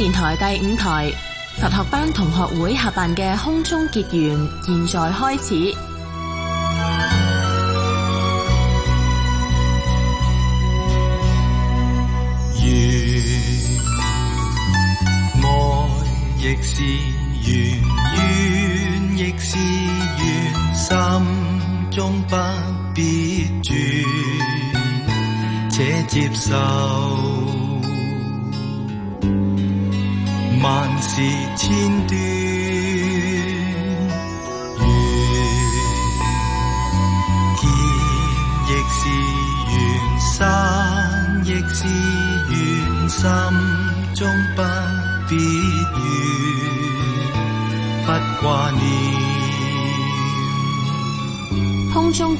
電台第五台佛學班同學會合辦嘅空中結緣，現在開始。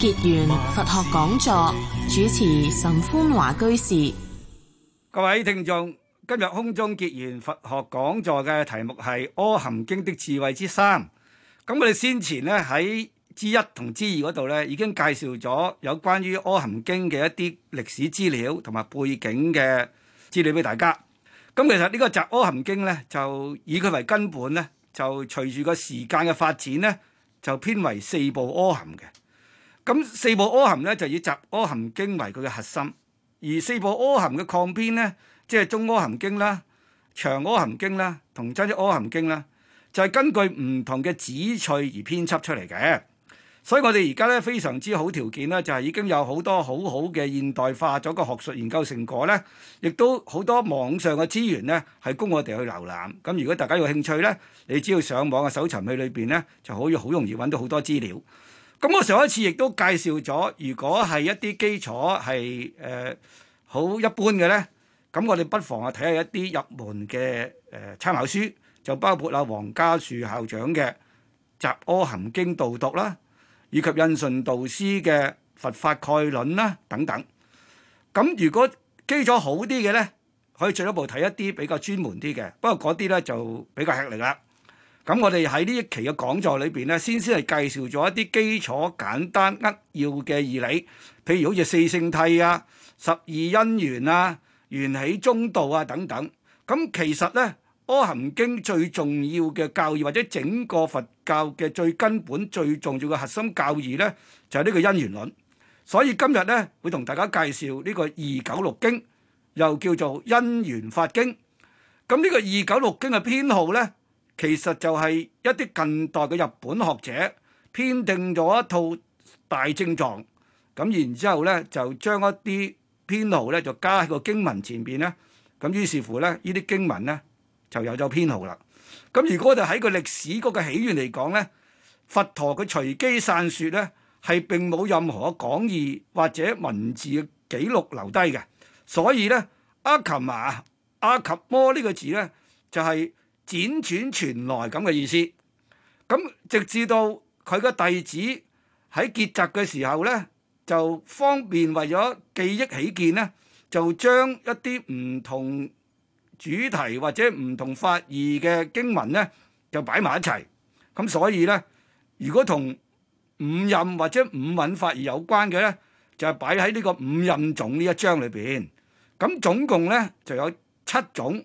結緣佛學講座主持岑寬華居士。各位聽眾，今日空中結緣佛學講座嘅題目係《阿含經》的智慧之三。咁我哋先前呢喺之一同之二嗰度呢，已經介紹咗有關於《阿含經》嘅一啲歷史資料同埋背景嘅資料俾大家。咁其實呢個《雜阿含經》呢，就以佢為根本呢，就隨住個時間嘅發展呢，就編為四部《阿含》嘅。咁四部阿含咧就以雜阿含經為佢嘅核心，而四部阿含嘅擴編咧，即係中阿含經啦、長阿含經啦同增一阿含經啦，就係、是、根據唔同嘅旨趣而編輯出嚟嘅。所以我哋而家咧非常之好條件咧，就係已經有很多很好多好好嘅現代化咗個學術研究成果咧，亦都好多網上嘅資源咧係供我哋去瀏覽。咁如果大家有興趣咧，你只要上網嘅搜尋器裏邊咧，就可以好容易揾到好多資料。咁我上一次亦都介紹咗，如果係一啲基礎係誒好一般嘅咧，咁我哋不妨啊睇下一啲入門嘅誒參考書，就包括阿黃家樹校長嘅《雜阿含經導讀》啦，以及印順導師嘅《佛法概論》啦等等。咁如果基礎好啲嘅咧，可以進一步睇一啲比較專門啲嘅，不過嗰啲咧就比較吃力啦。咁我哋喺呢一期嘅講座裏邊咧，先先係介紹咗一啲基礎簡單扼要嘅義理，譬如好似四聖諦啊、十二因緣啊、緣起中道啊等等。咁其實呢，《阿含經》最重要嘅教義，或者整個佛教嘅最根本、最重要嘅核心教義呢，就係、是、呢個因緣論。所以今日呢，會同大家介紹呢個《二九六經》，又叫做《因緣法經》。咁呢個《二九六經》嘅編號呢。其實就係一啲近代嘅日本學者編定咗一套大正藏，咁然之後咧就將一啲編號咧就加喺個經文前邊咧，咁於是乎咧呢啲經文咧就有咗編號啦。咁如果就喺個歷史嗰個起源嚟講咧，佛陀佢隨機散説咧係並冇任何講義或者文字記錄留低嘅，所以咧阿含啊阿及摩呢個字咧就係、是。輾轉傳來咁嘅意思，咁直至到佢嘅弟子喺結集嘅時候呢，就方便為咗記憶起見呢，就將一啲唔同主題或者唔同法義嘅經文呢，就擺埋一齊。咁所以呢，如果同五蘊或者五蘊法義有關嘅呢，就係擺喺呢個五蘊種呢一章裏邊。咁總共呢，就有七種，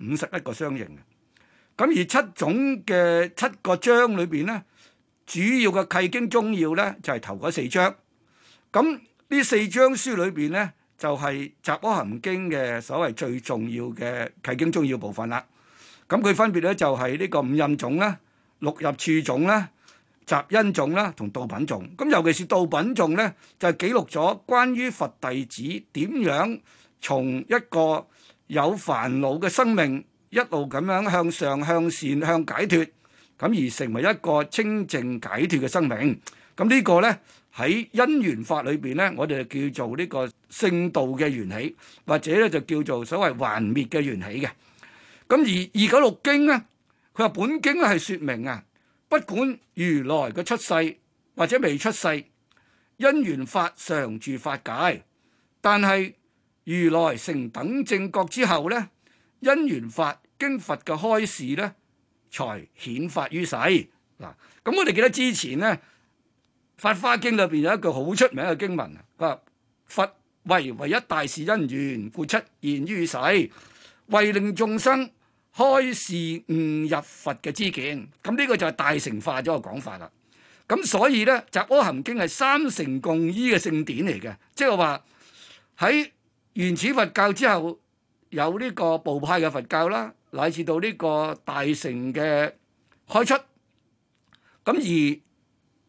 五十一個相應。咁而七種嘅七個章裏邊咧，主要嘅契經宗要咧就係頭嗰四章。咁呢四章書裏邊咧，就係《雜阿含經》嘅所謂最重要嘅契經宗要部分啦。咁佢分別咧就係呢個五陰種啦、六入處種啦、雜因種啦同道品種。咁尤其是道品種咧，就記錄咗關於佛弟子點樣從一個有煩惱嘅生命。一路咁樣向上、向善、向解脱，咁而成為一個清淨解脱嘅生命。咁呢個咧喺因緣法裏邊咧，我哋就叫做呢個聖道嘅緣起，或者咧就叫做所謂還滅嘅緣起嘅。咁而二九六經咧，佢話本經咧係說明啊，不管如來嘅出世或者未出世，因緣法常住法解，但係如來成等正覺之後咧，因緣法。經佛嘅開示呢，才顯發於世嗱。咁我哋記得之前呢，《法華經》裏邊有一句好出名嘅經文啊：佛為唯一大事因緣，故出現於世，為令眾生開示悟入佛嘅知見。咁呢個就係大乘化咗嘅講法啦。咁所以呢，《雜阿含經》係三乘共依嘅聖典嚟嘅，即係話喺原始佛教之後有呢個部派嘅佛教啦。乃至到呢個大乘嘅開出。咁而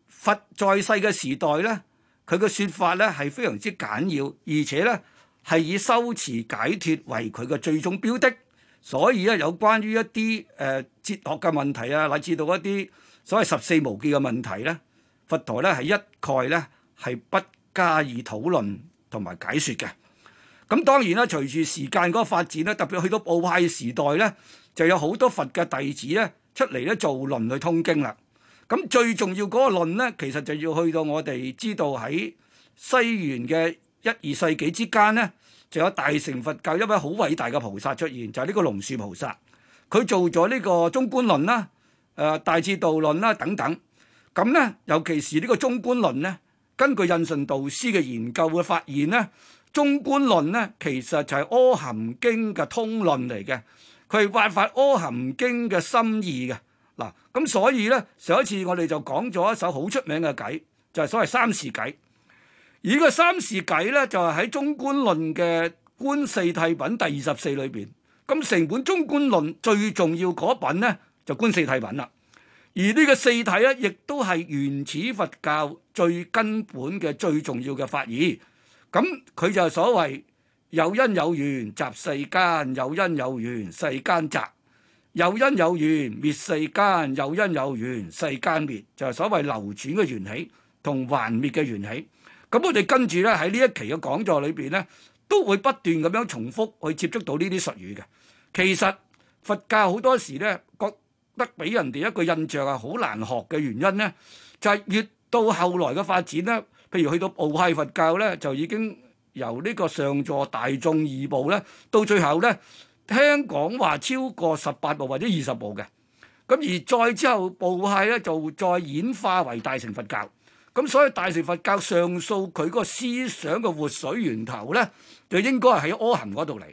佛在世嘅時代呢，佢嘅説法呢係非常之簡要，而且呢係以修持解脱為佢嘅最終標的。所以咧，有關於一啲誒哲學嘅問題啊，乃至到一啲所謂十四無記嘅問題呢，佛陀呢係一概呢係不加以討論同埋解説嘅。咁當然啦，隨住時間嗰個發展咧，特別去到部派時代咧，就有好多佛嘅弟子咧出嚟咧做論去通經啦。咁最重要嗰個論咧，其實就要去到我哋知道喺西元嘅一二世紀之間咧，就有大乘佛教一位好偉大嘅菩薩出現，就係呢個龍樹菩薩。佢做咗呢個中觀論啦、誒大智度論啦等等。咁咧，尤其是呢個中觀論咧，根據印順導師嘅研究嘅發現咧。中觀論呢，其實就係《阿含經》嘅通論嚟嘅，佢係發發《阿含經》嘅心意嘅。嗱，咁所以呢，上一次我哋就講咗一首好出名嘅偈，就係、是、所謂三時偈。而呢個三時偈呢，就係喺《中觀論》嘅觀四諦品第二十四裏邊。咁成本《中觀論》最重要嗰一品呢，就觀四諦品啦。而呢個四諦呢，亦都係原始佛教最根本嘅最重要嘅法義。咁佢就係所謂有因有緣集世間，有因有緣世間集；有因有緣滅世間，有因有緣世間滅。就係所謂流轉嘅緣起同還滅嘅緣起。咁我哋跟住呢喺呢一期嘅講座裏邊呢，都會不斷咁樣重複去接觸到呢啲術語嘅。其實佛教好多時呢，覺得俾人哋一個印象啊，好難學嘅原因呢，就係越到後來嘅發展呢。譬如去到部派佛教呢，就已經由呢個上座大眾二部呢，到最後呢，聽講話超過十八部或者二十部嘅，咁而再之後部派呢就再演化為大乘佛教，咁所以大乘佛教上溯佢嗰個思想嘅活水源頭呢，就應該喺阿含嗰度嚟，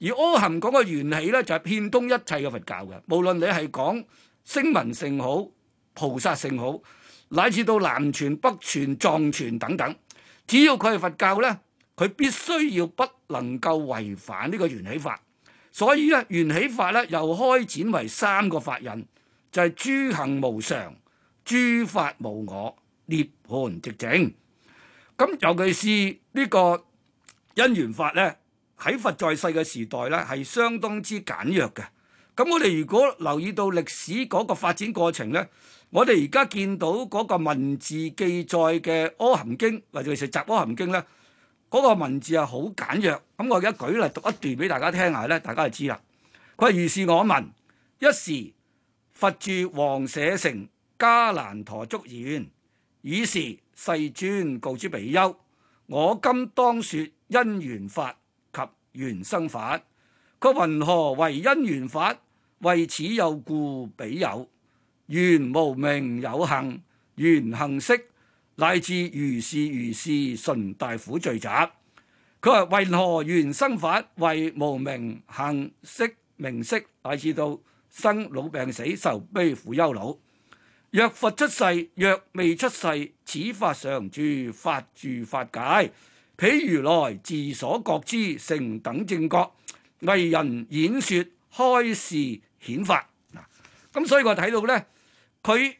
而阿含講嘅緣起呢，就係貫通一切嘅佛教嘅，無論你係講聲聞性好、菩薩性好。乃至到南傳、北傳、藏傳等等，只要佢係佛教呢，佢必須要不能夠違反呢個緣起法。所以咧，緣起法呢又開展為三個法印，就係、是、諸行無常、諸法無我、涅槃直整涅槃寂靜。咁尤其是呢個因緣法呢，喺佛在世嘅時代呢，係相當之簡約嘅。咁我哋如果留意到歷史嗰個發展過程呢。我哋而家見到嗰個文字記載嘅《阿含經》或者其實《雜阿含經》咧，嗰、那個文字係好簡約。咁我而家舉例讀一段俾大家聽下咧，大家就知啦。佢係如是我聞，一時佛住王舍城迦蘭陀竹園，以是世尊告諸比丘：我今當説因緣法及緣生法。佢云何為因緣法？為此有故彼有。原無名有幸，原行識乃至如是如是，純大苦聚集。佢話為何原生法？為無名行識名識，乃至到生老病死、受悲苦憂老。若佛出世，若未出世，此法常住，法住法解。譬如來自所覺知成等正覺，為人演說開示顯法。嗱、嗯，咁所以我睇到呢。佢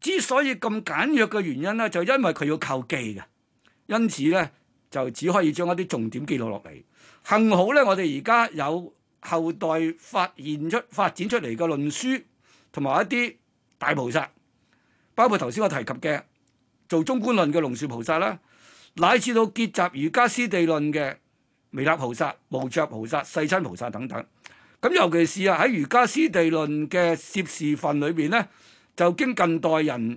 之所以咁簡約嘅原因咧，就因為佢要靠記嘅，因此咧就只可以將一啲重點記錄落嚟。幸好咧，我哋而家有後代發現出發展出嚟嘅論書同埋一啲大菩薩，包括頭先我提及嘅做中觀論嘅龍樹菩薩啦，乃至到結集瑜伽師地論嘅彌勒菩薩、無著菩薩、世親菩薩等等。咁尤其是啊喺瑜伽師地論嘅攝事分裏邊咧。就經近代人、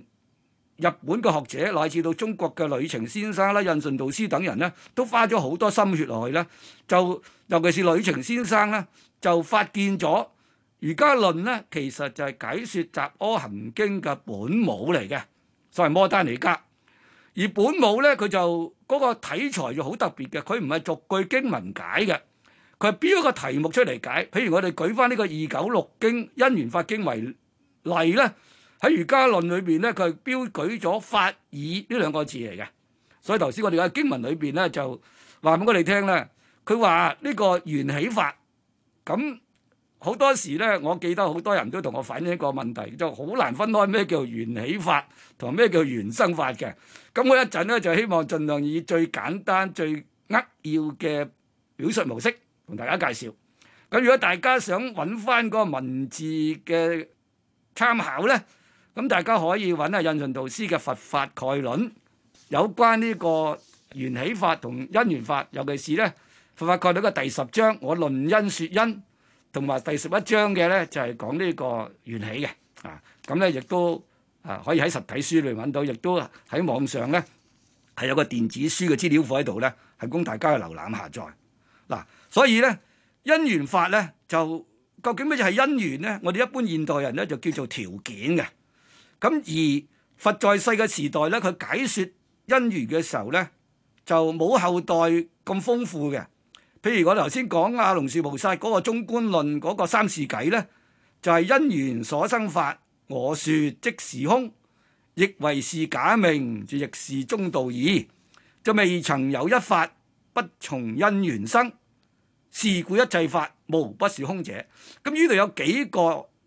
日本嘅學者，乃至到中國嘅呂澂先生啦、印順導師等人呢，都花咗好多心血落去咧。就尤其是呂澂先生呢，就發現咗《瑜伽論》呢，其實就係解説《雜阿含經》嘅本母嚟嘅，所謂摩丹尼加，而本母呢，佢就嗰、嗰個題材就好特別嘅，佢唔係逐句經文解嘅，佢係標一個題目出嚟解。譬如我哋舉翻呢個《二九六經因緣法經》為例呢。喺《瑜伽論裡面》裏邊咧，佢係標舉咗法爾呢兩個字嚟嘅。所以頭先我哋喺經文裏邊咧，就話俾我哋聽咧，佢話呢個緣起法，咁好多時咧，我記得好多人都同我反映一個問題，就好難分開咩叫緣起法同咩叫原生法嘅。咁我一陣咧就希望盡量以最簡單、最扼要嘅表述模式同大家介紹。咁如果大家想揾翻嗰個文字嘅參考咧，咁大家可以揾下印順導師嘅《佛法概論》，有關呢個緣起法同因緣法，尤其是呢，《佛法概論》嘅第十章，我論因説因，同埋第十一章嘅呢，就係講呢個緣起嘅。啊，咁呢，亦都啊可以喺實體書裏面揾到，亦都喺網上呢，係有個電子書嘅資料庫喺度呢，係供大家去瀏覽下載。嗱，啊，所以呢，「因緣法」呢，就究竟乜嘢係因緣呢？我哋一般現代人呢，就叫做條件嘅。咁而佛在世嘅時代咧，佢解説因緣嘅時候咧，就冇後代咁豐富嘅。譬如我頭先講阿龍樹菩薩嗰個《中觀論》嗰、那個三世偈咧，就係、是、因緣所生法，我説即是空，亦為是假名，就亦是中道義。就未曾有一法不從因緣生，是故一切法無不是空者。咁呢度有幾個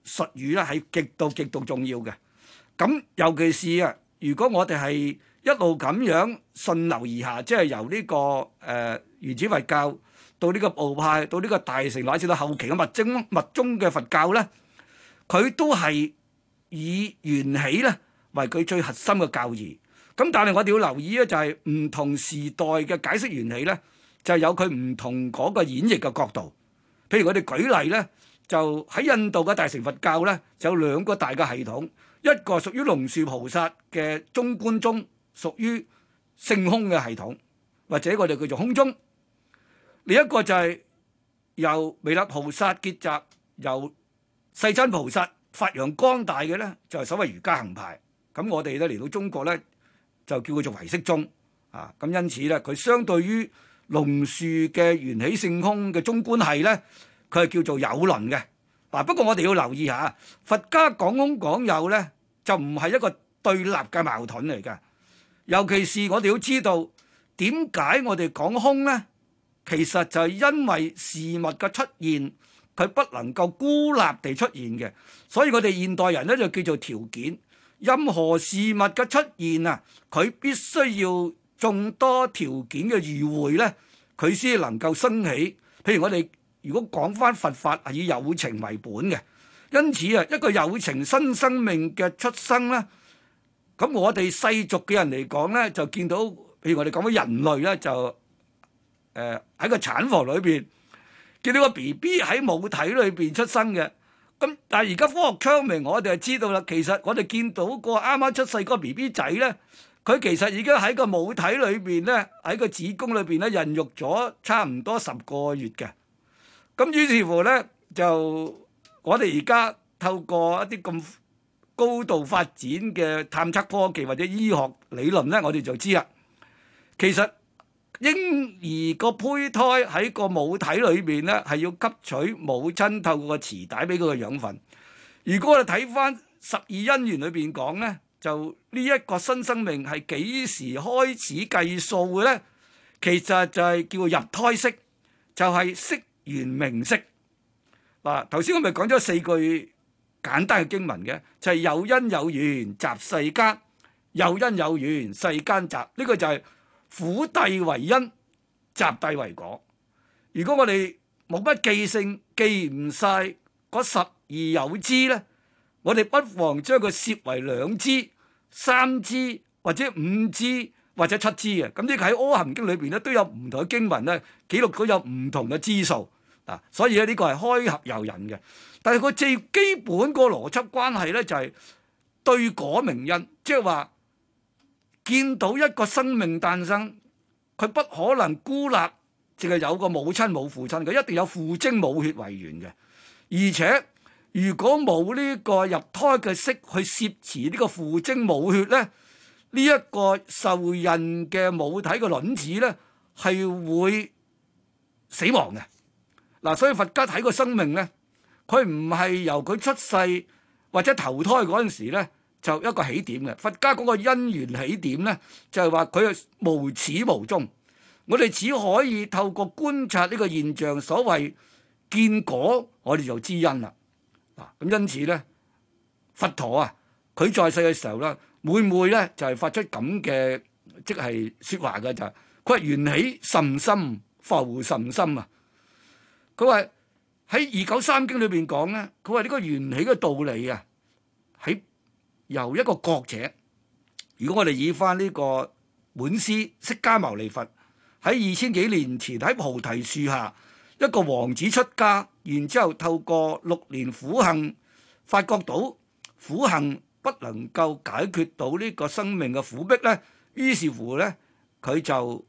術語咧，係極度極度重要嘅。咁尤其是啊，如果我哋係一路咁樣順流而下，即係由呢、這個誒、呃、原始佛教到呢個部派，到呢個大乘乃至到後期嘅密經、密宗嘅佛教咧，佢都係以緣起咧為佢最核心嘅教義，咁但係我哋要留意咧，就係、是、唔同時代嘅解釋緣起咧，就係、是、有佢唔同嗰個演繹嘅角度。譬如我哋舉例咧。就喺印度嘅大乘佛教呢，就有兩個大嘅系統，一個屬於龍樹菩薩嘅中觀宗，屬於性空嘅系統，或者我哋叫做空宗，另一個就係由彌勒菩薩結集，由世親菩薩發揚光大嘅呢，就係、是、所謂瑜伽行派。咁我哋咧，嚟到中國呢，就叫佢做唯識宗，啊，咁因此呢，佢相對於龍樹嘅緣起性空嘅中觀系呢。佢係叫做有論嘅，嗱，不過我哋要留意下，佛家講空講有呢，就唔係一個對立嘅矛盾嚟嘅。尤其是我哋要知道點解我哋講空呢？其實就係因為事物嘅出現，佢不能夠孤立地出現嘅。所以我哋現代人呢，就叫做條件，任何事物嘅出現啊，佢必須要眾多條件嘅遇會呢，佢先能夠生起。譬如我哋。如果講翻佛法係以有情為本嘅，因此啊，一個有情新生，生命嘅出生咧，咁我哋世俗嘅人嚟講呢，就見到譬如我哋講嘅人類呢，就誒喺、呃、個產房裏邊見到個 B B 喺母體裏邊出生嘅。咁但係而家科學昌明，我哋就知道啦，其實我哋見到剛剛個啱啱出世個 B B 仔呢，佢其實已經喺個母體裏邊呢，喺個子宮裏邊呢孕育咗差唔多十個月嘅。咁於是乎咧，就我哋而家透過一啲咁高度發展嘅探測科技或者醫學理論咧，我哋就知啊，其實嬰兒個胚胎喺個母體裏邊咧，係要吸取母親透過個臍帶俾佢嘅養分。如果我哋睇翻十二因緣裏邊講咧，就呢一個新生命係幾時開始計數嘅咧？其實就係叫入胎式，就係識。原明式嗱，頭先我咪講咗四句簡單嘅經文嘅，就係、是、有因有緣集世間，有因有緣世間集。呢個就係苦諦為因，集諦為果。如果我哋冇乜記性，記唔晒嗰十二有支呢，我哋不妨將佢設為兩支、三支或者五支或者七支啊。咁呢個喺《阿含經》裏邊咧都有唔同嘅經文咧，記錄咗有唔同嘅支數。啊，所以咧呢個係開合遊引嘅，但係個最基本個邏輯關係咧就係、是、對果明因，即係話見到一個生命誕生，佢不可能孤立，淨係有個母親冇父親，佢一定有父精母血為源嘅。而且如果冇呢個入胎嘅色去攝持呢個父精母血咧，呢、這、一個受孕嘅母體嘅卵子咧係會死亡嘅。嗱，所以佛家睇個生命咧，佢唔係由佢出世或者投胎嗰陣時咧就一個起點嘅。佛家嗰個因緣起點咧就係話佢無始無終，我哋只可以透過觀察呢個現象，所謂見果，我哋就知因啦。嗱，咁因此咧，佛陀啊，佢在世嘅時候咧，每每咧就係、是、發出咁嘅即係說話嘅就係，佢係緣起甚深，浮甚深啊！佢話喺《二九三經》裏面裏邊講呢，佢話呢個緣起嘅道理啊，喺由一個國者。如果我哋以翻呢個本師釋迦牟尼佛喺二千幾年前喺菩提樹下一個王子出家，然之後透過六年苦行，發覺到苦行不能夠解決到呢個生命嘅苦逼呢，於是乎呢，佢就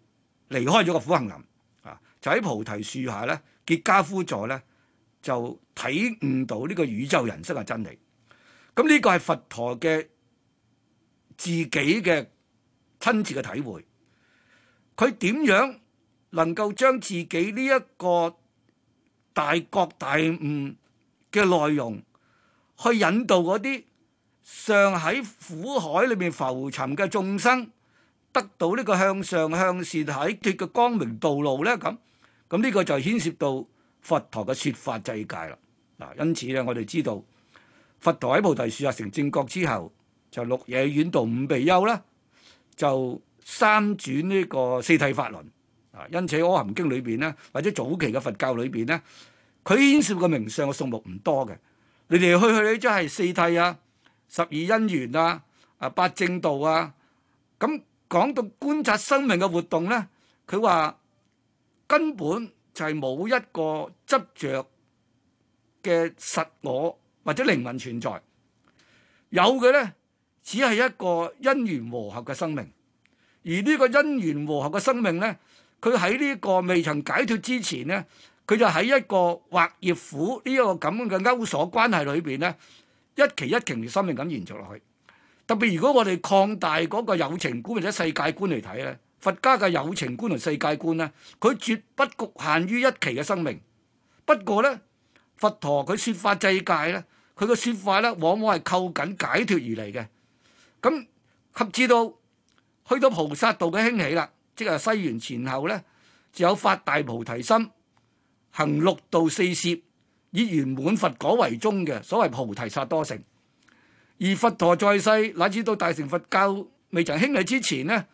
離開咗個苦行林啊，就喺菩提樹下呢。結跏趺坐咧，就體悟到呢個宇宙人生嘅真理。咁、嗯、呢、這個係佛陀嘅自己嘅親切嘅體會。佢點樣能夠將自己呢一個大覺大悟嘅內容，去引導嗰啲尚喺苦海裏面浮沉嘅眾生，得到呢個向上向善、解脫嘅光明道路咧？咁？咁呢個就牽涉到佛陀嘅說法世界啦。嗱，因此咧，我哋知道佛陀喺菩提樹下成正覺之後，就鹿野苑度五比丘啦，就三轉呢個四諦法輪。啊，因此《阿含經》裏邊咧，或者早期嘅佛教裏邊咧，佢牽涉嘅名相嘅數目唔多嘅，嚟嚟去去咧，即係四諦啊、十二因緣啊、啊八正道啊。咁講到觀察生命嘅活動咧，佢話，根本就係冇一個執着嘅實我或者靈魂存在，有嘅呢，只係一個因緣和合嘅生命，而呢個因緣和合嘅生命呢，佢喺呢個未曾解脱之前呢，佢就喺一個或業苦呢一個咁嘅勾鎖關係裏邊呢，一期一期嘅生命咁延續落去。特別如果我哋擴大嗰個友情觀或者世界觀嚟睇呢。佛家嘅友情觀同世界觀咧，佢絕不侷限於一期嘅生命。不過咧，佛陀佢説法制戒咧，佢嘅説法咧，往往係扣緊解脱而嚟嘅。咁及至到去到菩薩道嘅興起啦，即係西元前後咧，就有發大菩提心，行六度四攝，以圓滿佛果為終嘅，所謂菩提薩埵城。而佛陀在世乃至到大乘佛教未曾興起之前咧，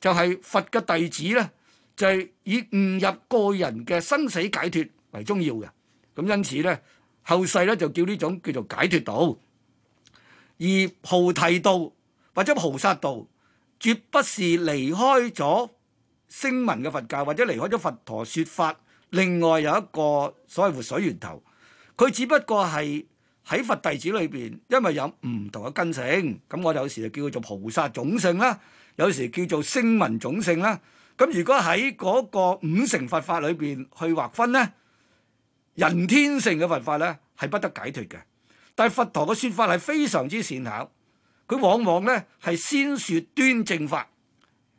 就係佛嘅弟子呢，就係以悟入個人嘅生死解脱為重要嘅。咁因此呢，後世呢就叫呢種叫做解脱道，而菩提道或者菩薩道，絕不是離開咗聲聞嘅佛教或者離開咗佛陀説法，另外有一個所謂活水源頭，佢只不過係。喺佛弟子裏邊，因為有唔同嘅根性，咁我有時就叫做菩薩種性啦，有時叫做聲聞種性啦。咁如果喺嗰個五乘佛法裏邊去劃分呢，人天性嘅佛法呢係不得解脱嘅。但係佛陀嘅説法係非常之善巧，佢往往呢係先説端正法，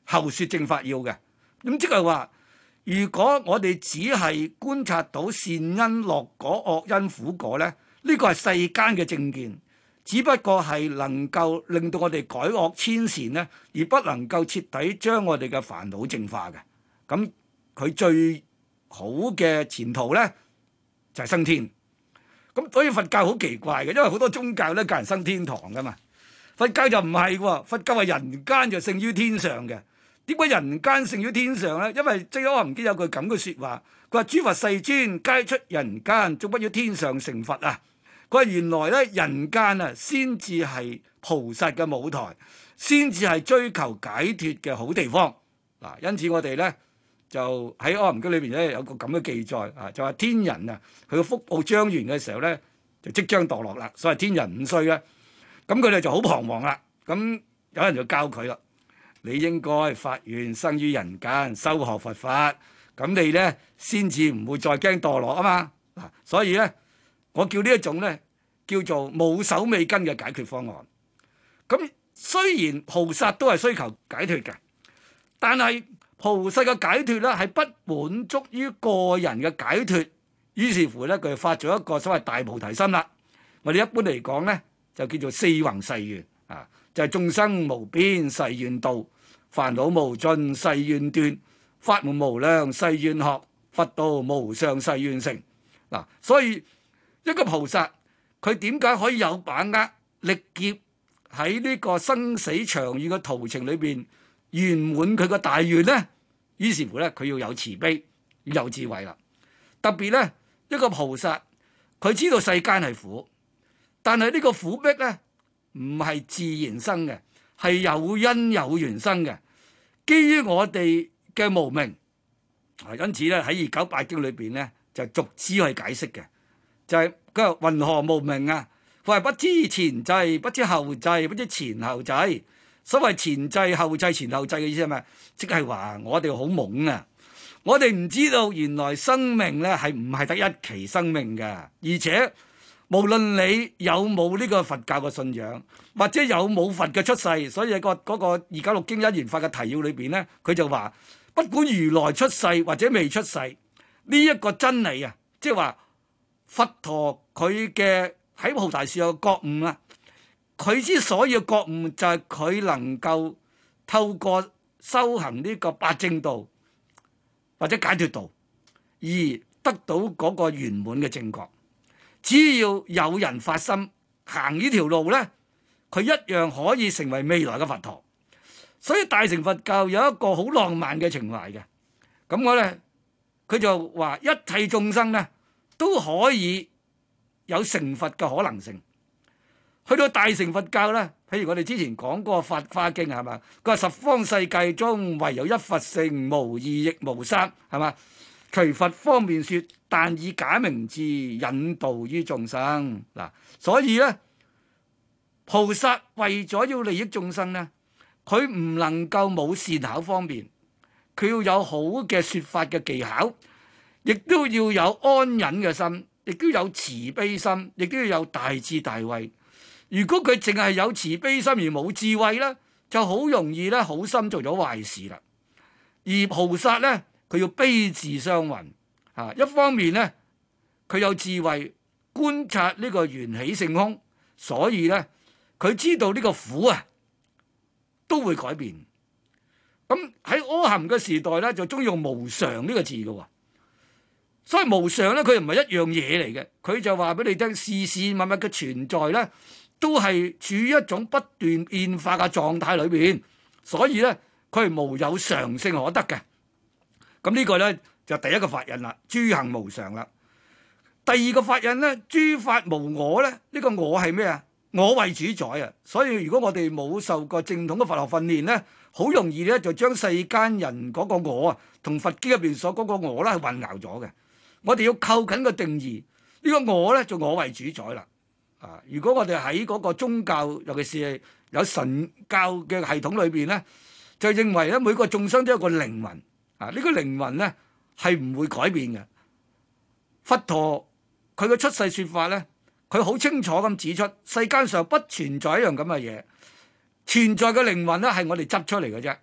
後説正法要嘅。咁即係話，如果我哋只係觀察到善因樂果、惡因苦果呢。呢個係世間嘅正見，只不過係能夠令到我哋改惡遷善咧，而不能夠徹底將我哋嘅煩惱淨化嘅。咁、嗯、佢最好嘅前途呢，就係、是、升天。咁、嗯、所以佛教好奇怪嘅，因為好多宗教呢，教人升天堂噶嘛，佛教就唔係喎，佛教係人間就勝、是、於天上嘅。點解人間勝於天上呢？因為即刻唔記得有句咁嘅説話，佢話諸佛世尊皆出人間，做乜要天上成佛啊？佢原來咧，人間啊，先至係菩薩嘅舞台，先至係追求解脫嘅好地方。嗱，因此我哋咧就喺《阿含經》裏邊咧有個咁嘅記載啊，就話天人啊，佢個福報將完嘅時候咧就即將墮落啦。所謂天人五衰咧，咁佢哋就好彷徨啦。咁有人就教佢啦，你應該發願生於人間，修學佛法，咁你咧先至唔會再驚墮落啊嘛。嗱，所以咧。我叫呢一種咧，叫做無手無根嘅解決方案。咁雖然菩薩都係需求解脱嘅，但係菩薩嘅解脱咧係不滿足於個人嘅解脱。於是乎咧，佢發咗一個所謂大菩提心啦。我哋一般嚟講咧，就叫做四弘誓願啊，就係眾生無邊誓願度，煩惱無盡誓願斷，法門無量誓願學，佛道無上誓願成。嗱，所以一個菩薩佢點解可以有把握力劫喺呢個生死長遠嘅途程裏邊圓滿佢個大願呢？於是乎咧，佢要有慈悲，有智慧啦。特別咧，一個菩薩佢知道世間係苦，但係呢個苦逼咧唔係自然生嘅，係有因有緣生嘅。基於我哋嘅無明，啊，因此咧喺二九八經裏邊咧就逐支去解釋嘅。就係佢話云何無明啊！佢係不知前際，不知後際，不知前後際。所謂前際後際前後際嘅意思係咩？即係話我哋好懵啊！我哋唔知道原來生命咧係唔係得一期生命嘅，而且無論你有冇呢個佛教嘅信仰，或者有冇佛嘅出世，所以、嗰個嗰、嗰個二九六經因緣法嘅提要裏邊呢，佢就話不管如來出世或者未出世，呢、呢、一個真理啊，即係話。佛陀佢嘅喺菩提樹嘅覺悟啦，佢之所以覺悟就係佢能夠透過修行呢個八正道或者解脫道而得到嗰個圓滿嘅正覺。只要有人發心行呢條路咧，佢一樣可以成為未來嘅佛陀。所以大乘佛教有一個好浪漫嘅情懷嘅。咁我咧佢就話一切眾生咧。都可以有成佛嘅可能性，去到大乘佛教呢，譬如我哋之前講過《法華經》係嘛，佢話十方世界中唯有一佛性，無二亦無三，係嘛？除佛方便說，但以假名字引導於眾生嗱，所以呢，菩薩為咗要利益眾生呢，佢唔能夠冇善巧方便，佢要有好嘅說法嘅技巧。亦都要有安忍嘅心，亦都要有慈悲心，亦都要有大智大慧。如果佢淨係有慈悲心而冇智慧咧，就好容易咧好心做咗壞事啦。而菩薩咧，佢要悲智雙運。啊！一方面咧，佢有智慧觀察呢個緣起性空，所以咧佢知道呢個苦啊都會改變。咁喺阿含嘅時代咧，就中用無常呢、這個字嘅喎。所以無常咧，佢又唔係一樣嘢嚟嘅。佢就話俾你聽，事事物物嘅存在咧，都係處於一種不斷變化嘅狀態裏邊。所以咧，佢係無有常性可得嘅。咁呢個咧就是、第一個法印啦，諸行無常啦。第二個法印咧，諸法無我咧。呢、呢個我係咩啊？我為主宰啊！所以如果我哋冇受過正統嘅佛學訓練咧，好容易咧就將世間人嗰個我啊，同佛經入邊所講個我咧混淆咗嘅。我哋要扣緊個定義，呢個我呢就我為主宰啦。啊，如果我哋喺嗰個宗教，尤其是有神教嘅系統裏邊呢，就認為咧每個眾生都有個靈魂。啊，呢個靈魂呢係唔會改變嘅。佛陀佢嘅出世説法呢，佢好清楚咁指出，世間上不存在一樣咁嘅嘢，存在嘅靈魂呢係我哋執出嚟嘅啫。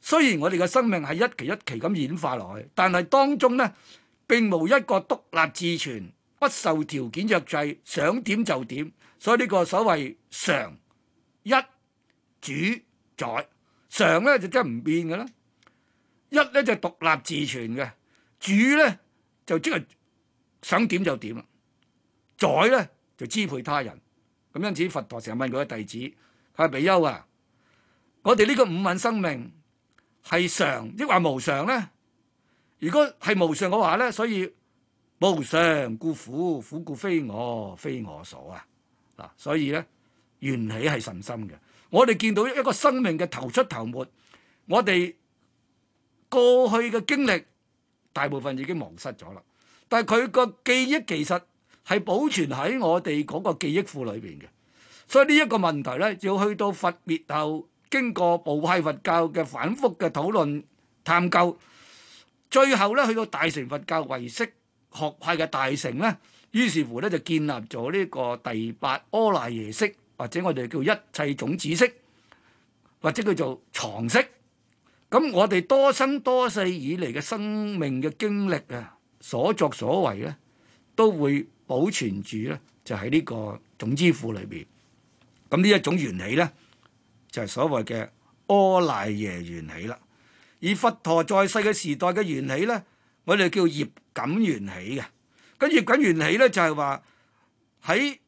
雖然我哋嘅生命係一期一期咁演化落去，但係當中呢，並無一個獨立自存，不受條件約制，想點就點，所以呢個所謂常一主宰呢，常咧就真係唔變噶啦，一咧就係獨立自存嘅，主咧就即係想點就點啦，宰咧就支配他人，咁因此佛陀成日問佢嘅弟子：阿比丘啊，我哋呢個五蘊生命係常抑或無常咧？如果係無常嘅話咧，所以無常故苦，苦故非我，非我所啊！嗱，所以咧，緣起係甚深嘅。我哋見到一個生命嘅頭出頭沒，我哋過去嘅經歷大部分已經忘失咗啦。但係佢個記憶其實係保存喺我哋嗰個記憶庫裏邊嘅。所以呢一個問題咧，要去到佛滅後，經過部派佛教嘅反覆嘅討論探究。最後咧，去到大乘佛教唯識學派嘅大乘咧，於是乎咧就建立咗呢個第八阿賴耶識，或者我哋叫一切種子識，或者叫做藏識。咁我哋多生多世以嚟嘅生命嘅經歷啊，所作所為咧，都會保存住咧，就喺呢個種子庫裏邊。咁呢一種緣起咧，就係所謂嘅阿賴耶緣起啦。以佛陀在世嘅時代嘅緣起呢，我哋叫業感緣起嘅。咁業感緣起呢，就係話喺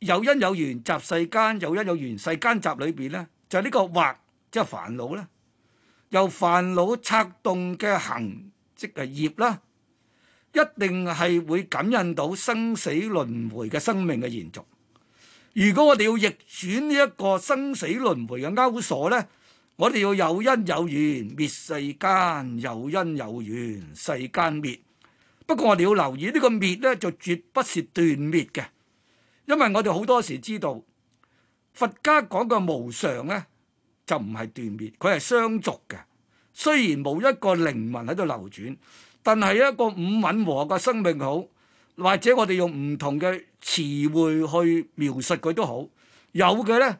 有因有緣集世間，有因有緣世間集裏邊呢，就係呢個惑，即係煩惱咧，由煩惱策動嘅行，即係業啦，一定係會感應到生死輪迴嘅生命嘅延續。如果我哋要逆轉呢一個生死輪迴嘅勾鎖呢。我哋要有因有緣，滅世間，有因有緣，世間滅。不過我哋要留意、這個、滅呢個滅咧，就絕不是斷滅嘅，因為我哋好多時知道，佛家講嘅無常咧，就唔係斷滅，佢係相續嘅。雖然冇一個靈魂喺度流轉，但係一個五蘊和嘅生命好，或者我哋用唔同嘅詞彙去描述佢都好，有嘅咧。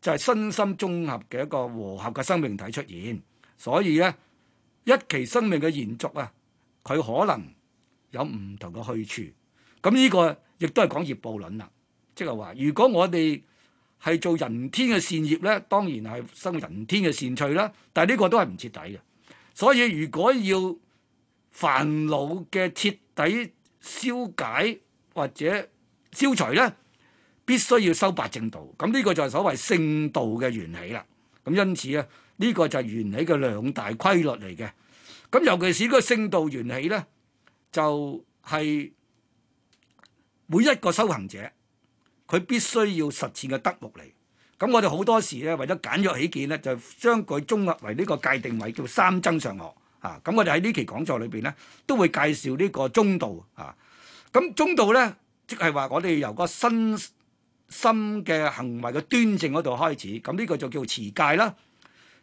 就係身心綜合嘅一個和合嘅生命體出現，所以呢一期生命嘅延續啊，佢可能有唔同嘅去處，咁、這、呢個亦都係講業報論啦。即係話，如果我哋係做人天嘅善業呢，當然係生活人天嘅善趣啦，但係呢個都係唔徹底嘅。所以如果要煩惱嘅徹底消解或者消除呢？必須要修八正道，咁呢個就係所謂聖道嘅緣起啦。咁因此咧，呢、呢個就係緣起嘅兩大規律嚟嘅。咁尤其是個聖道緣起咧，就係、是、每一個修行者，佢必須要實踐嘅德目嚟。咁我哋好多時咧，為咗簡約起見咧，就將佢綜合為呢個界定為叫三增上學。啊，咁我哋喺呢期講座裏邊咧，都會介紹呢個中道。啊，咁中道咧，即係話我哋由個新心嘅行為嘅端正嗰度開始，咁呢個就叫做持戒啦。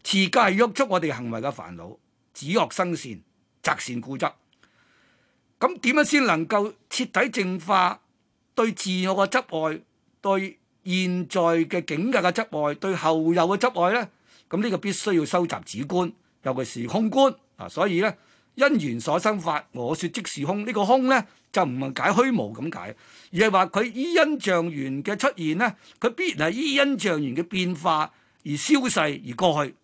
持戒係約束我哋行為嘅煩惱，止惡生善，擇善固執。咁點樣先能夠徹底淨化對自我嘅執愛，對現在嘅境界嘅執愛，對後有嘅執愛呢？咁呢個必須要收集止觀，尤其是空觀啊。所以呢，因緣所生法，我説即是空。呢個空呢，就唔係解虛無咁解，而係話佢依因象緣嘅出現咧，佢必然係依因象緣嘅變化而消逝而過去。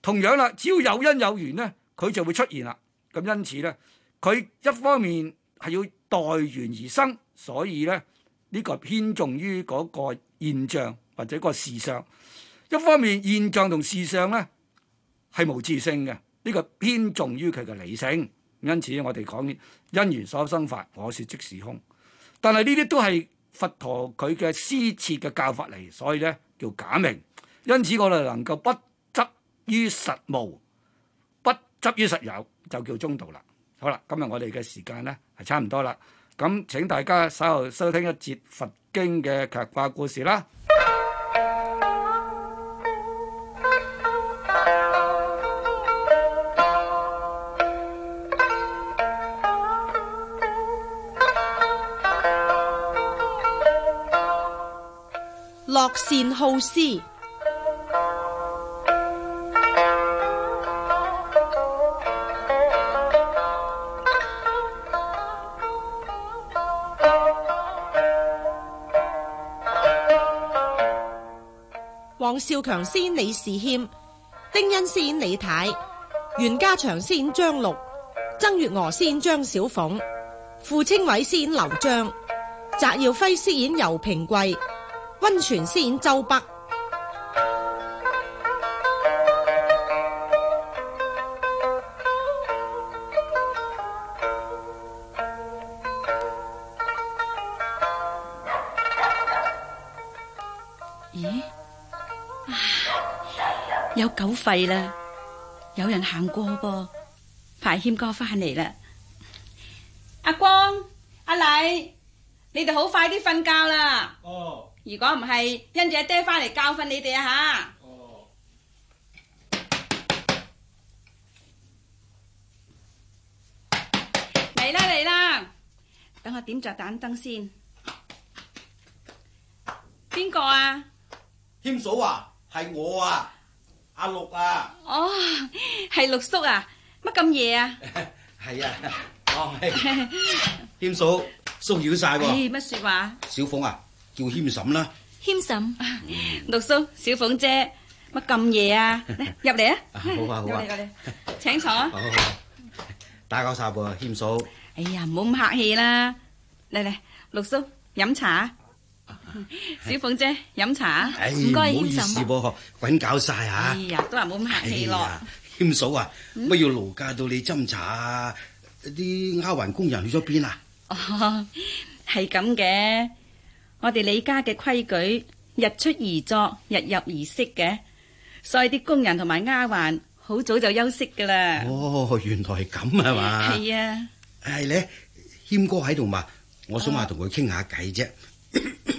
同樣啦，只要有因有緣咧，佢就會出現啦。咁因此呢，佢一方面係要待緣而生，所以呢，呢個偏重於嗰個現象或者個事實。一方面現象同事實呢，係無自性嘅，呢個偏重於佢嘅理性。因此我哋講因緣所生法，我說即是空。但係呢啲都係佛陀佢嘅施設嘅教法嚟，所以呢叫假名。因此我哋能夠不執於實無，不執於實有，就叫中道啦。好啦，今日我哋嘅時間呢係差唔多啦。咁請大家稍後收聽一節佛經嘅劇化故事啦。樂善好施。黃少強飾演李士謙，丁恩飾演李太，袁家祥飾演張六，曾月娥飾演張小鳳，傅清偉飾演劉璋，翟耀輝飾演尤平貴。溫泉先周北，咦？有狗吠啦！有人行過噃，排謙哥翻嚟啦！阿光、阿禮，你哋好快啲瞓覺啦！哦。如果唔係，跟住阿爹翻嚟教訓你哋啊吓！嚟啦嚟啦，等我點着盞燈先。邊個啊？謙嫂啊，係我啊，阿六啊。哦，係六叔啊，乜咁夜啊？係啊，哦，謙嫂騷擾晒喎。哎，乜說話？小鳳啊。叫謙嬸啦，謙嬸，六叔、小鳳姐，乜咁夜啊？嚟入嚟啊！好啊好啊，請坐。打攪晒噃，謙嫂。哎呀，唔好咁客氣啦。嚟嚟，六叔飲茶啊，小鳳姐飲茶啊。唔該，謙嬸。唔好意思噃，滾攪晒吓。哎呀，都話唔好咁客氣咯。謙嫂啊，乜要勞駕到你斟茶啊？啲丫鬟工人去咗邊啊？哦，係咁嘅。我哋李家嘅規矩，日出而作，日入而息嘅，所以啲工人同埋丫鬟好早就休息噶啦。哦，原來係咁係嘛？係啊，係咧、哎。謙哥喺度嘛，我想話同佢傾下偈啫。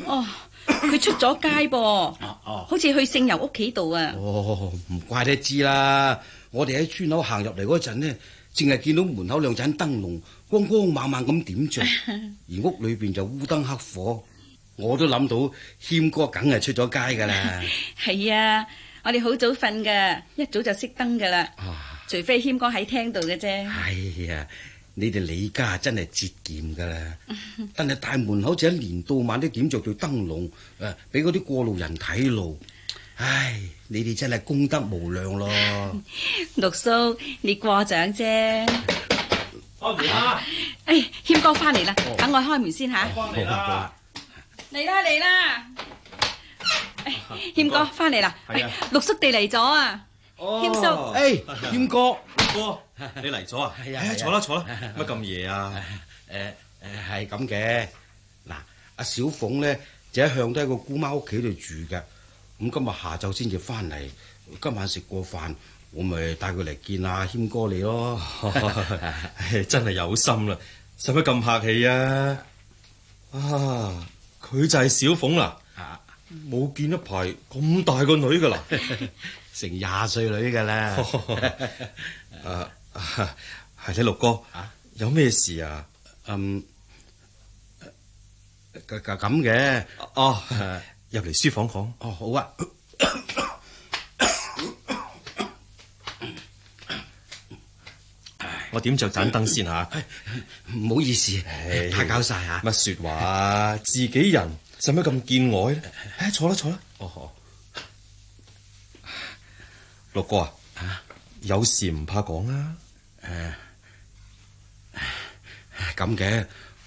哦，佢、 哦、出咗街噃，好似去聖尤屋企度啊。 啊哦，唔怪得知啦。我哋喺村口行入嚟嗰陣呢，淨係見到門口兩盞燈籠光光猛猛咁點着，而屋裏邊就烏燈黑火。 我都諗到謙哥梗係出咗街噶啦，係啊！我哋好早瞓噶，一早就熄燈噶啦，除非謙哥喺廳度嘅啫。哎呀！你哋李家真係節儉噶啦，但係大門口就一年到晚都點着對燈籠，誒，俾嗰啲過路人睇路。唉，你哋真係功德無量咯。六叔，你過獎啫。開門啦！誒，謙哥翻嚟啦，等我開門先吓。嚟啦嚟啦，謙哥翻嚟啦，六叔哋嚟咗啊！謙叔，哎，謙哥哥，你嚟咗啊？係啊，坐啦坐啦，乜咁夜啊？誒誒，係咁嘅。嗱，阿小鳳咧就一向都喺個姑媽屋企度住嘅，咁今日下晝先至翻嚟，今晚食過飯，我咪帶佢嚟見阿謙哥你咯。真係有心啦，使乜咁客氣啊？啊！佢就係小鳳啦、啊，冇、啊、見一排咁大個女噶啦， 成廿歲女噶啦、哦 啊。啊，係你六哥，啊、有咩事啊？嗯，咁嘅哦，入、啊、嚟、啊啊啊啊啊、書房講。哦、啊，好啊。 我點著盞燈先吓、啊，唔、哎、好意思，太搞晒吓，乜說話、哎、自己人使乜咁見外咧、哎？坐啦坐啦，哦六哥啊，有事唔怕講啊？誒、哎，咁、哎、嘅，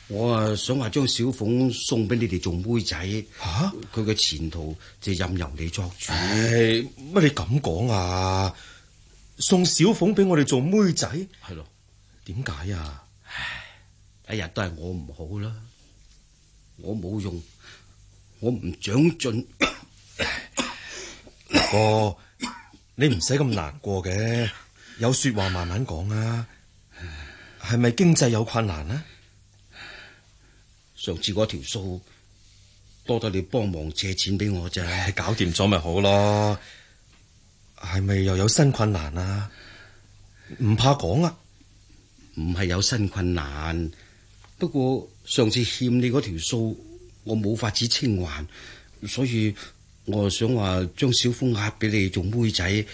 我啊想話將小鳳送俾你哋做妹仔，吓、啊，佢嘅前途就任由你作主。乜、哎、你咁講啊？送小鳳俾我哋做妹仔，係咯的？點解啊？唉，一日都係我唔好啦，我冇用，我唔長進。哥， 你唔使咁難過嘅，有說話慢慢講啊。係咪經濟有困難啊？ 上次嗰條數多得你幫忙借錢俾我啫，搞掂咗咪好咯？係咪又有新困難啊？唔怕講啊！唔係有新困難，不過上次欠你嗰條數，我冇法子清還，所以我就想話將小風押俾你做妹仔，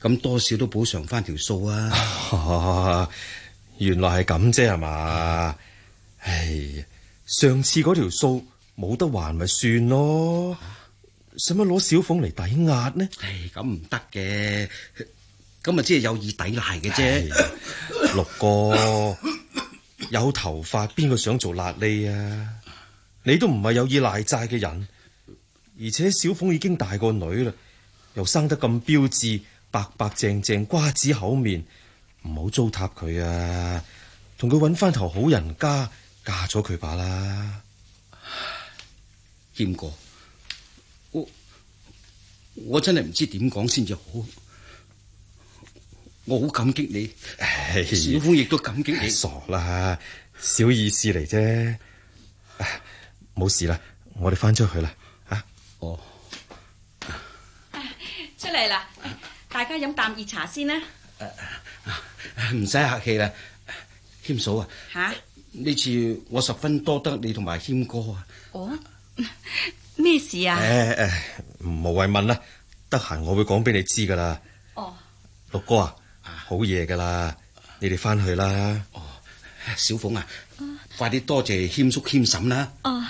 咁多少都補償翻條數啊！ 原來係咁啫，係嘛？唉，上次嗰條數冇得還咪算咯。使乜攞小鳳嚟抵押呢？唉，咁唔得嘅，咁咪即係有意抵賴嘅啫。六哥， 有頭髮邊個想做辣痢啊？你都唔係有意賴債嘅人，而且小鳳已經大個女啦，又生得咁標致，白白淨淨，瓜子口面，唔好糟蹋佢啊！同佢揾翻頭好人家嫁咗佢罷啦，謙哥。我真係唔知點講先至好，我好感激你，哎、小峰亦都感激你。哎、你傻啦，小意思嚟啫，冇事啦，我哋返出去啦，吓、啊、哦，出嚟啦，大家飲啖熱茶先啦，唔使、啊、客氣啦，謙嫂啊，吓呢次我十分多得你同埋謙哥啊，我、哦。 咩事啊？誒誒，無謂問啦，得閒我會講俾你知噶啦。哦，六哥啊，好夜噶啦，你哋翻去啦。哦，小鳳啊，啊快啲多謝謙叔謙嬸啦。哦，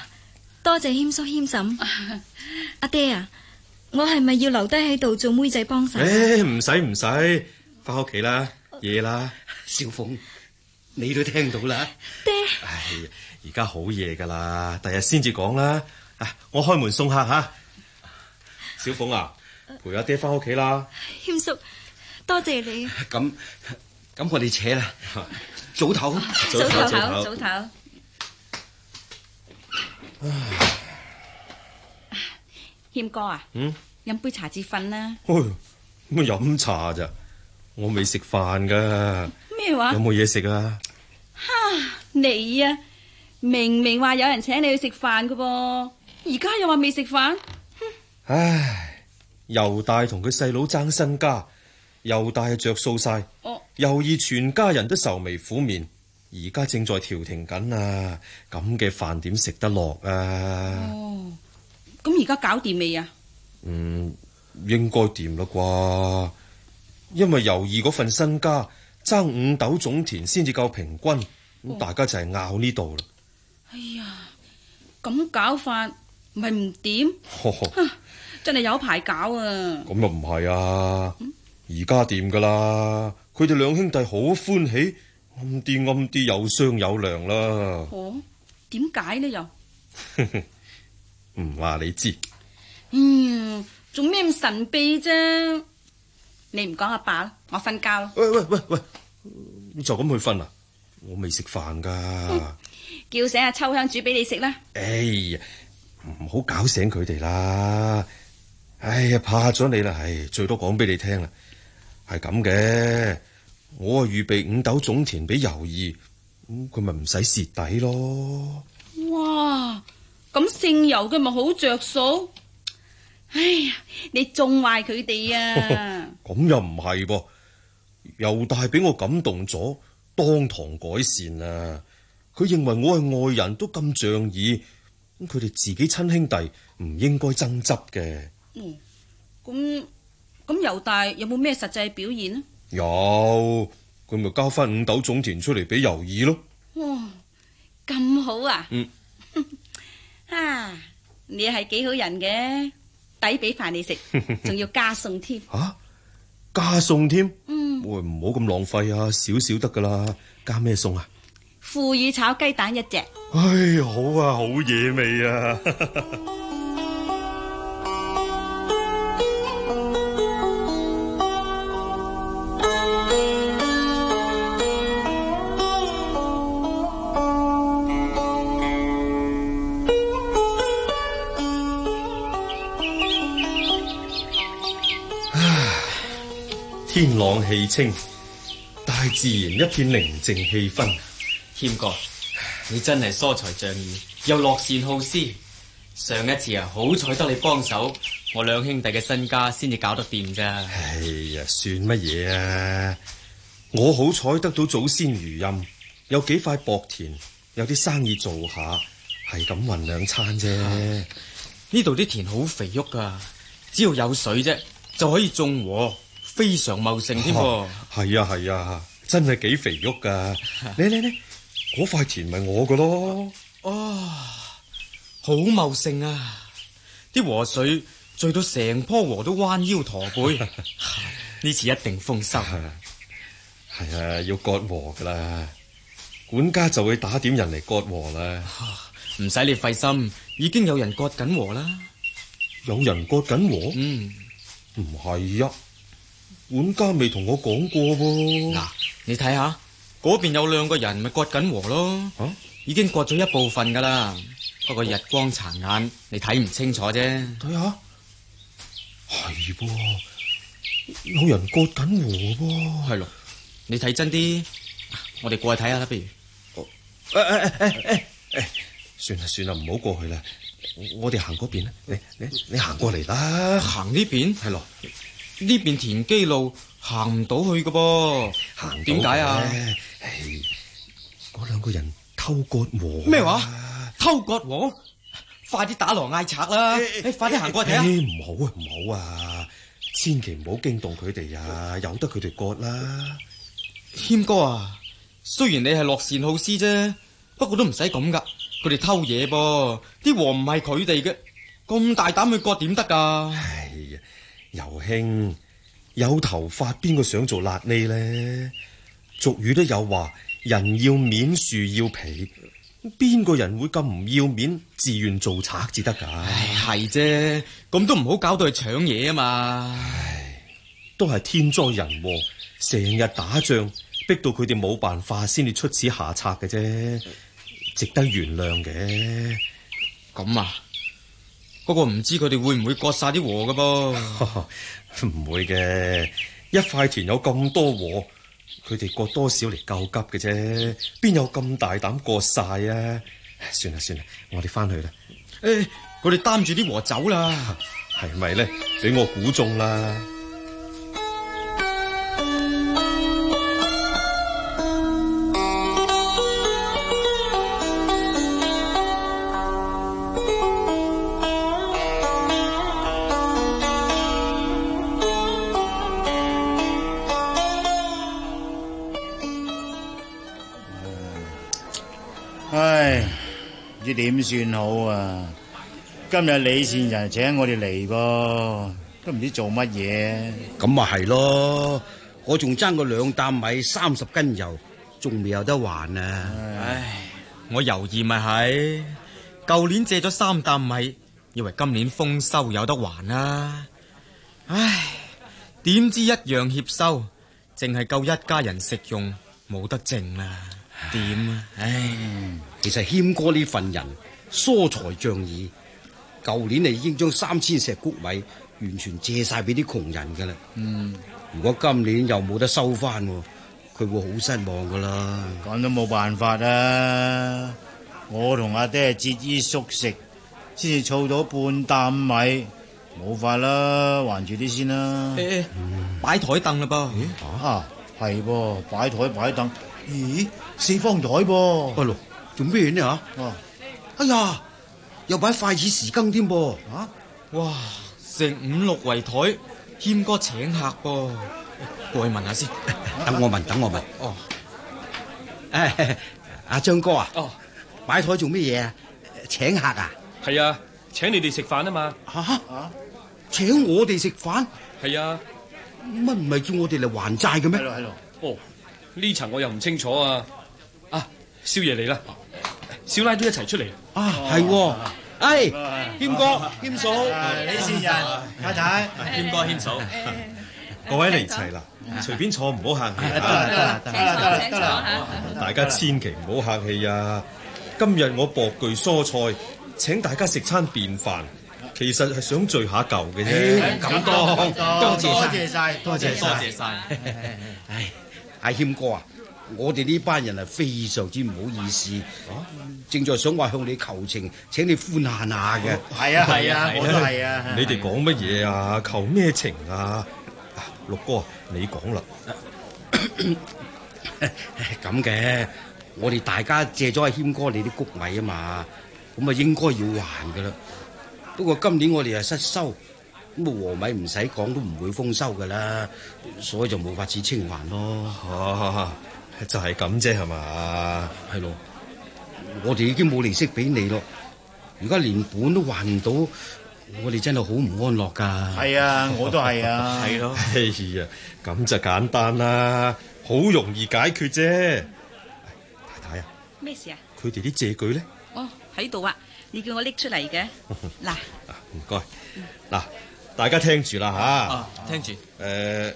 多謝謙叔謙嬸。阿、啊、爹啊，我係咪要留低喺度做妹仔幫手？誒，唔使唔使，翻屋企啦，夜啦。啊、小鳳，你都聽到啦。爹，唉，而家好夜噶啦，第日先至講啦。我開門送客吓。啊、小鳳啊，陪阿爹翻屋企啦。謙叔，多謝你。咁咁、啊，啊啊啊、我哋扯啦，早唞，早唞。早唞，謙哥啊，嗯，飲杯茶至瞓啦。咁啊飲茶咋？我未食飯噶。咩話？有冇嘢食啊？哈，你啊，明明話有人請你去食飯噶噃。而家又話未食飯，嗯、唉！尤大同佢細佬爭身家，尤大着數晒，尤二、哦、全家人都愁眉苦面，而家正在調停緊啊！咁嘅飯點食得落啊！哦，咁而家搞掂未啊？嗯，應該掂啦啩，因為尤二嗰份身家爭五斗種田先至夠平均，咁、哦、大家就係拗呢度啦。哎呀，咁搞法～唔係唔掂，呵呵，真係有排搞啊！咁又唔係啊，而家掂噶啦，佢哋兩兄弟好歡喜，暗啲暗啲有商有量啦。哦，點解呢又？唔話 你知。嗯，做咩咁神秘啫？你唔講阿爸啦，我瞓覺咯。喂喂喂喂，就咁去瞓啊？我未食飯噶。叫醒阿秋香煮俾你食啦。哎呀、欸！唔好搞醒佢哋啦！哎呀，怕咗你啦，唉，最多講俾你聽啦，係咁嘅。我預備五斗種田俾尤二，咁佢咪唔使蝕底咯。哇！咁姓尤嘅咪好着數？哎呀，你縱壞佢哋啊？咁又唔係噃，尤大俾我感動咗，當堂改善啦。佢認為我係外人都咁仗義。咁佢哋自己親兄弟唔應該爭執嘅。嗯，咁咁猶大有冇咩實際表現呢？有,有，佢咪交翻五斗種田出嚟俾猶意咯。哇、哦，咁好啊！嗯， 啊，你係幾好人嘅，抵俾飯你食，仲要加餸添。吓、 啊，加餸添？嗯，我唔好咁浪費啊，少少得噶啦。加咩餸啊？腐乳炒雞蛋一隻。哎，好啊，好嘢味啊！唉，天朗氣清，大自然一片寧靜氣氛。謙哥，你真係疏財仗義，又樂善好施。上一次啊，好彩得你幫手，我兩兄弟嘅身家先至搞得掂咋。哎呀，算乜嘢啊！我好彩得到祖先餘蔭，有幾塊薄田，有啲生意做下，係咁搵兩餐啫。呢度啲田好肥沃噶，只要有水啫就可以種禾，非常茂盛添噃。係啊係啊，啊，真係幾肥沃噶。嚟嚟嚟！嗰塊田咪我噶咯，啊，哦、好茂盛啊！啲河水醉到成棵禾都彎腰駝背，呢 次一定豐收。係啊，啊，要割禾噶啦，管家就會打點人嚟割禾啦。唔使、啊、你費心，已經有人割緊禾啦。有人割緊禾？嗯，唔係啊！管家未同我講過喎、啊。嗱、啊，你睇下。嗰邊有兩個人咪割緊禾咯，啊、已經割咗一部分噶啦，不過日光殘眼，我你睇唔清楚啫。睇下，係噃，有人割緊禾噃，係咯。你睇真啲，我哋過去睇下啦。不如，誒誒誒誒誒誒，算啦算啦，唔好過去啦。我哋行嗰邊啦，你你你行過嚟啦，行呢邊，係咯的，呢邊的田基路行唔到去噶噃，行點到解啊？我兩個人偷割禾咩話？偷割禾，快啲打鑼嗌賊啦！你唉快啲行過嚟唔好啊，唔好啊，千祈唔好驚動佢哋啊，唉由得佢哋割啦。謙哥啊，雖然你係樂善好施啫，不過都唔使咁噶。佢哋偷嘢噃，啊，啲禾唔係佢哋嘅，咁大膽去割點得噶？哎呀，尤兄，有頭髮邊個想做辣痢咧？俗語都有話，人要面，樹要皮，邊個人會咁唔要面，自願做賊至得噶？唉係啫，咁都唔好搞到去搶嘢啊嘛！唉都係天災人禍，成日打仗，逼到佢哋冇辦法，先至出此下策嘅啫，值得原諒嘅。咁啊，嗰個，不過唔知佢哋會唔會割晒啲禾㗎噃？唔 會嘅，一塊田有咁多禾。佢哋過多少嚟，救急嘅啫，邊有咁大膽過晒啊？算啦算啦，我哋翻去啦。誒、欸，是是我哋擔住啲禾走啦，係咪咧？俾我估中啦！知點算好啊！今日李善人請我哋嚟噃，都唔知做乜嘢啊。咁咪係咯，我仲爭個兩擔米三十斤油，仲未有得還啊！唉，我猶豫咪係，舊年借咗三擔米，以為今年豐收有得還啦。唉，點知一樣歉收，淨係夠一家人食用，冇得剩啦。點啊？唉！唉其實謙哥呢份人疏財仗義，舊年嚟，已經將三千石谷米完全借晒俾啲窮人噶啦。嗯，如果今年又冇得收翻，佢會好失望噶啦。咁都冇辦法啦！我同阿爹節衣縮食，先至儲到半擔米，冇法啦，還住啲先啦。誒誒，擺台凳啦噃。吓，係噃，擺台擺凳。咦，四方台噃，啊？係咯，啊。啊啊做咩呢吓？哎呀，又擺筷子匙羹添噃！哇，成五六圍台，謙哥請客噃、啊，過去問下先、啊。等我問，等我問。哦，阿張、哎、哥啊，擺台做咩嘢啊？請客啊？係啊，請你哋食飯啊嘛。吓吓、啊、請我哋食飯？係啊，乜唔係叫我哋嚟還債嘅咩？係咯，係咯。啊、哦，呢層我又唔清楚啊。啊，宵夜嚟啦！小奶都一齊出嚟啊！係喎 a mind，誒 Dartmouth、ah,，軒哥、oh, hey.、軒嫂，李善人太太，軒哥、軒嫂，各位嚟齊啦，隨便坐，唔好客氣嚇。得啦得啦，大家千祈唔好客氣啊！今日我薄具蔬菜請大家食餐便飯，其實係想聚下舊嘅啫。咁多多謝晒！多謝多謝曬。誒，阿軒哥啊！我哋呢班人啊，非常之唔好意思，啊、正在想話向你求情，請你寬限下嘅。係啊係啊，我都係啊。你哋講乜嘢啊？求咩情啊？六哥，你講啦。咁嘅，啊， 我哋大家借咗阿謙哥你啲谷米啊嘛，咁啊應該要還噶啦。不過今年我哋係失收，咁啊禾米唔使講都唔會豐收噶啦，所以就冇法子清還咯。啊就係咁啫係嘛，係咯，我哋已經冇利息俾你咯，而家連本都還唔到，我哋真係好唔安樂噶。係啊，我都係啊，係咯。哎呀，咁就簡單啦，好容易解決啫。嗯、太太啊，咩事啊？佢哋啲借據咧？哦，喺度啊，你叫我拎出嚟嘅。嗱，唔該。嗱、嗯，大家聽住啦吓。啊、聽住。誒、啊，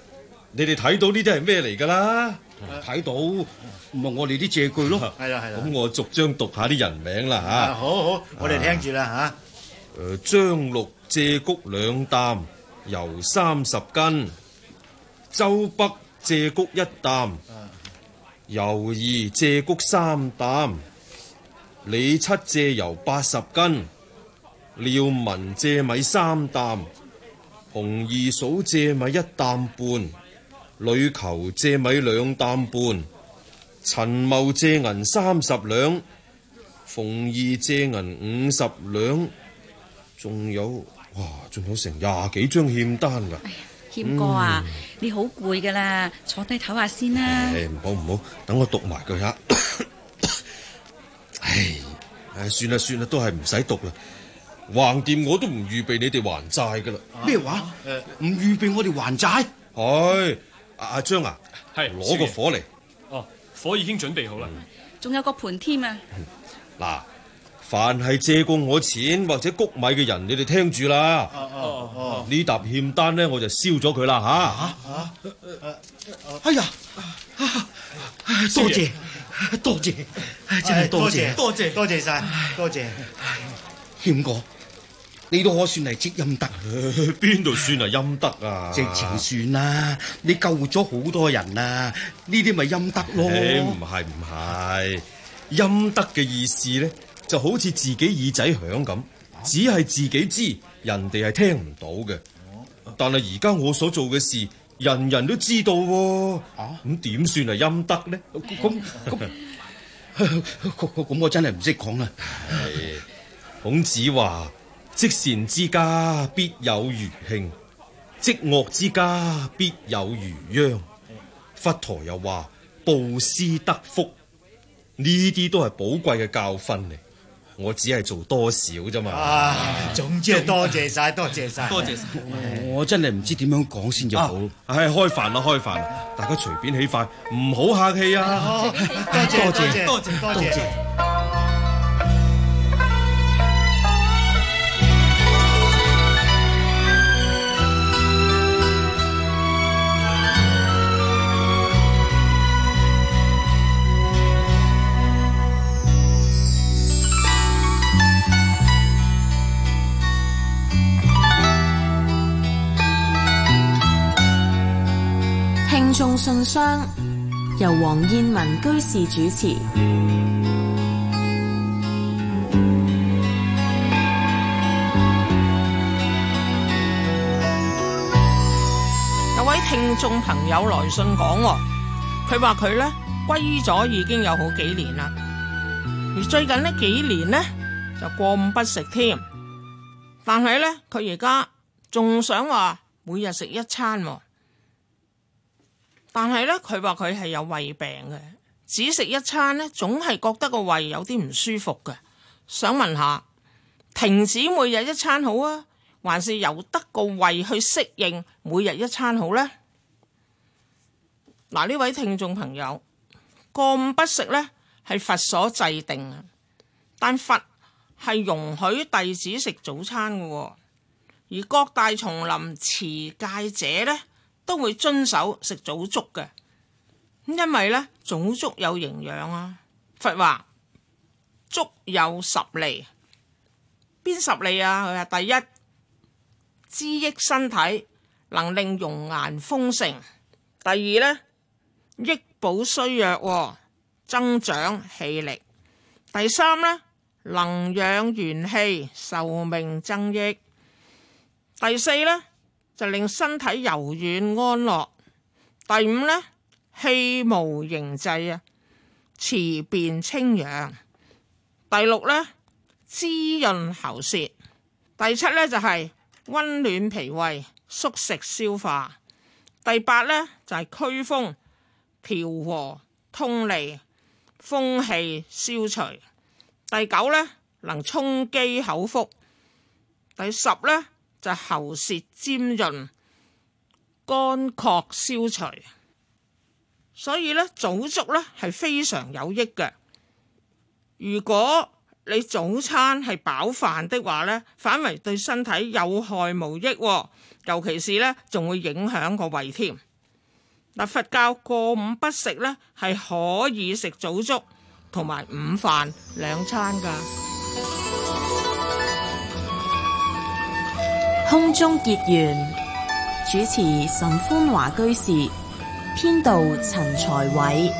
你哋睇到呢啲係咩嚟噶啦？睇到，咪我哋啲借據咯。係啦係啦，咁我逐張讀下啲人名啦吓。好好，我哋聽住啦吓。誒、啊，呃，張六借谷兩擔油三十斤，周北借谷一擔，尤二借谷三擔，李七借油八十斤，廖文借米三擔，洪二嫂借米一擔半。女求借米兩擔半，陳茂借銀三十兩，馮二借銀五十兩，仲有哇，仲有成廿幾張欠單噶！謙哥啊，嗯、你好攰噶啦，坐低唞下先啦。唉，唔好唔好，等我讀埋佢先。唉唉咳聲、哎哎，算啦算啦，都係唔使讀啦。橫掂我都唔預備你哋還債噶啦。咩話？唔預備我哋還債？係。阿張啊，係攞個火嚟。哦，火已經準備好啦，仲有個盤添啊。嗱，凡係借過我錢或者穀米嘅人，你哋聽住啦。哦哦哦，呢沓欠單咧，我就燒咗佢啦吓。吓吓，哎呀，多謝多謝，真係多謝多謝多謝晒，多謝欠過。你都可算係積陰德。邊度 算係陰德啊？直情算啦，你救活咗好多人啊，呢啲咪陰德咯？唔係唔係，陰德嘅意思咧就好似自己耳仔響咁，只係自己知，人哋係聽唔到嘅。但係而家我所做嘅事，人人都知道喎，咁點算係陰德咧？咁咁咁，我真係唔識講啊。唉，孔子話。積善之家必有餘慶，積惡之家必有餘殃。佛陀又話：布施得福，呢啲都係寶貴嘅教訓嚟。我只係做多少啫嘛，啊。總之多謝晒，多謝晒，多謝晒。我真係唔知點樣講先至好。唉，開飯啦，開飯啦！大家隨便起飯，唔好客氣啊！多謝，多謝，啊、多謝，啊、多謝。眾信箱，由黃燕文居士主持。 有位聽眾朋友來信講，佢話佢呢歸依咗已經有好幾年啦，而最近呢幾年呢，就過午不食添，但係呢，佢而家仲想話每日食一餐。但係咧，佢話佢係有胃病嘅，只食一餐呢，總係覺得個胃有啲唔舒服嘅。想問下，停止每日一餐好啊，還是由得個胃去適應每日一餐好呢？嗱，呢位聽眾朋友，過午不食呢，係佛所制定啊，但佛係容許弟子食早餐嘅，而各大叢林持戒者呢，都會遵守食早粥嘅，咁因為咧，早粥有營養啊，佛話粥有十利，邊十利啊？佢話第一滋益身體，能令容顏豐盛；第二咧益補衰弱，增長氣力；第三咧能養元氣，壽命增益；第四咧。就令身體柔軟安樂。第五咧，氣無形滯啊，辭便清揚。第六咧，滋潤喉舌。第七咧就係、是、溫暖脾胃，縮食消化。第八咧就係、是、驅風調和通利風氣消除。第九咧能充飢口腹。第十咧。就喉舌尖潤，乾涸消除，所以咧早粥咧係非常有益嘅。如果你早餐係飽飯的話咧，反為對身體有害無益，尤其是咧仲會影響個胃添。嗱，佛教過午不食咧，係可以食早粥同埋午飯兩餐噶。空中結緣，主持岑寬華居士，編導陳才偉。